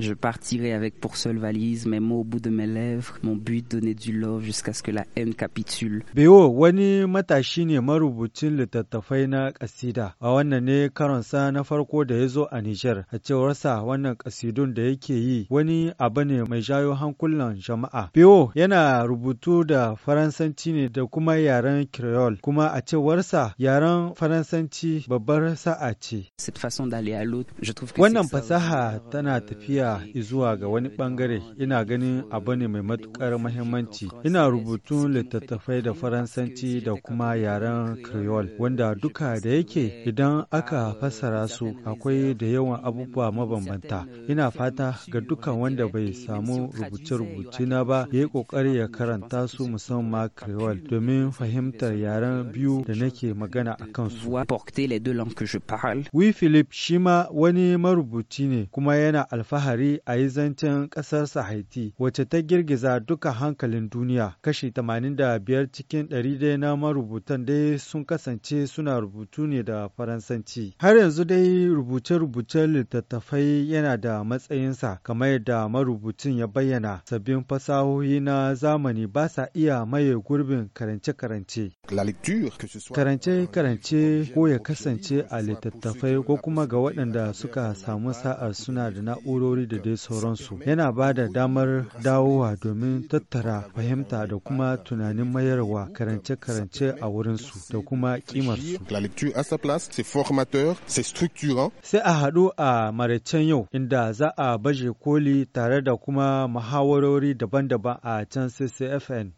Je partirai avec pour seule valise mes mots au bout de mes lèvres, mon but donner du love jusqu'à ce que la haine capitule. Beyo wani matashi ne marubucin littattafai na kasida, a wannan ne karonsa na farko da ya zo a Niger. A sa wannan kasidun da yake yi wani abu ne mai jayo hankulan jama'a. Beo yana rubutu da Faransanci ne da kuma yaren Creole, kuma a sa yaren Faransanci babbar sa'a ce. Wannan fasaha tana tafiya karkata zuwa ga wani bangare ina ganin abu ne mai matukar mahimmanci ina rubutun littattafai da faransanci da kuma yaren creole wanda duka da yake idan aka fassara su akwai da yawan abubuwa mabambanta ina fata ga dukan wanda bai samu rubuce-rubuce na ba ya yi kokari ya karanta su musamman creole domin fahimtar yaren biyu da nake magana a kansu wi philip shi ma wani marubuci ne kuma yana alfahari saurari a yi zancen Haiti, wacce ta girgiza duka hankalin duniya. Kashi 85 cikin 100 daya na marubutan dai sun kasance suna rubutu ne da Faransanci. Har yanzu dai rubuce-rubucen littattafai yana da matsayinsa, kamar yadda marubucin ya bayyana sabbin fasahohi na zamani ba sa iya maye gurbin karance-karance. Karance-karance ko ya kasance a littattafai ko kuma ga waɗanda suka samu sa'ar suna da na'urori da dai sauransu yana ba da damar dawowa domin tattara fahimta da kuma tunanin mayarwa karance-karance a wurinsu da kuma kimarsu. Sai a haɗu a maraicen yau inda za a baje koli tare da kuma muhawarori daban-daban a can CCFN.